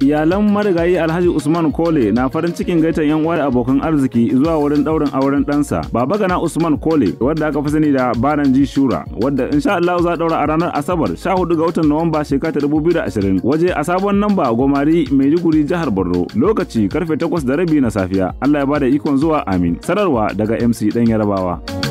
Iyalan marigayi Alhaji Usman Kole na farin cikin gaitan yan uwa da abokan arziki zuwa wurin daurin auren ɗansa. Baba Gana Usman Kole wadda aka fi sani da Baran Ji Shura wadda insha Allah za daura a ranar Asabar sha hudu ga watan Nuwamba shekara ta 2020 waje a sabon namba Gomari Maiduguri jihar Borno lokaci karfe takwas da rabi na safiya. Allah ya bada ikon zuwa amin. Sanarwa daga MC Dan Yarabawa.